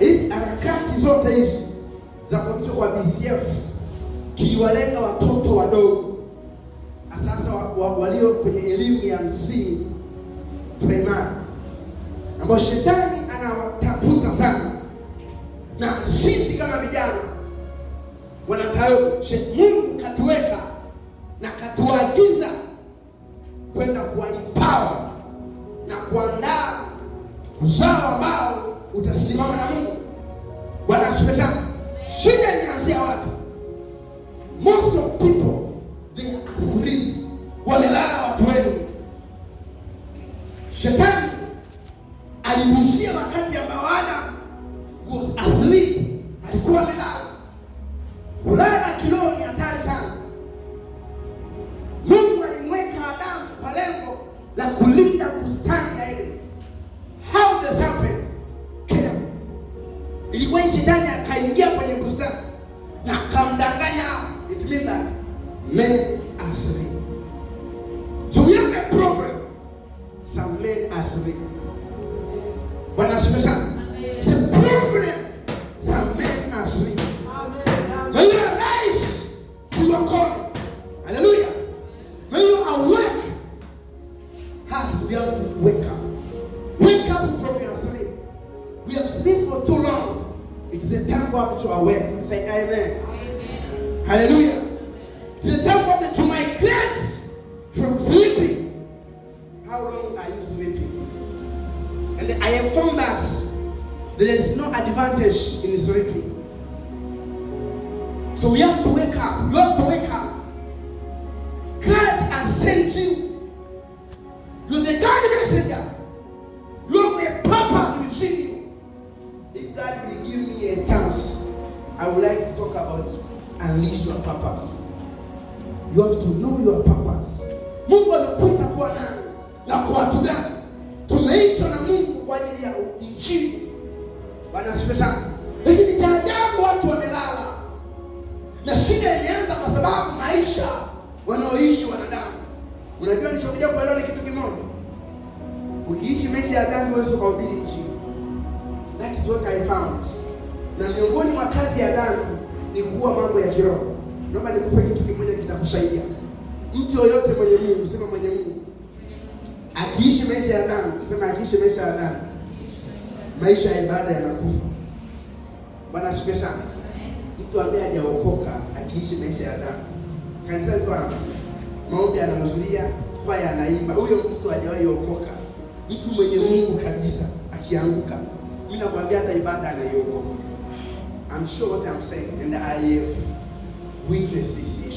hizi harakati zote hizi za kuanzishwa kwa BCF kiliwalenga watoto wadogo, sasa walio wa, kwenye elimu ya msingi primary, ambayo shetani anawatafuta sana, na sisi kama vijana wanatayo, Mungu katuweka na katuagiza kwenda kuwaipawa na kuandaa uzao ambao utasimama na Mungu. Bwana asifiwe sana. Shida inaanzia wapi? Most of people they are asleep, Walilala watu wengi. Shetani alivusia wakati ambao Adam was asleep, alikuwa amelala. Kulala kiroho ni hatari sana. Mungu alimweka Adamu kwa lengo la of the serpent came. Ilikuwa shetani akaingia kwenye bustani na akamdanganya. It means that men are slain. So we have a problem. Some men are slain. Bwana asifiwe sana. It's a problem. Some men are slain. Hallelujah. When you awake, has we have to wake up come from your sleep. We have slept for too long. It is a time for us to awake. Say amen. amen. Hallelujah. It is a time for us to migrate from sleeping. How long are you sleeping? And I have found that there is no advantage in sleeping. So we have to wake up. You have to wake up. God has sent you. You're the God messenger. If God may give me a chance, I would like to talk about unleash your purpose. You have to know your purpose. Mungu anakuita kuwa nani na kwa watu gani? Tumeitwa na Mungu kwa ajili ya injili. Bwana asifiwe sana. Lakini cha ajabu watu wamelala, na shida imeanza kwa sababu maisha wanaoishi wanadamu. Unajua nilichokuja kuelewa ni kitu kimoja, ukiishi maisha ya dhambi huwezi kuhubiri injili is what I found. Na miongoni mwa kazi ya dhambi ni kuua mambo ya kiroho. Naomba nikupe kitu kimoja kitakusaidia. Mtu yoyote mwenye Mungu, sema mwenye Mungu, akiishi maisha ya dhambi, sema akiishi maisha ya dhambi, maisha ya ibada yanakufa. Bwana asifiwe sana. Mtu ambaye hajaokoka akiishi maisha ya dhambi, kanisa liko hapa, maombi anahudhuria, kwaya anaimba, huyo mtu hajawahi okoka. Mtu mwenye Mungu kabisa akianguka yule hata ibada I'm sure what I'm saying and I have witnesses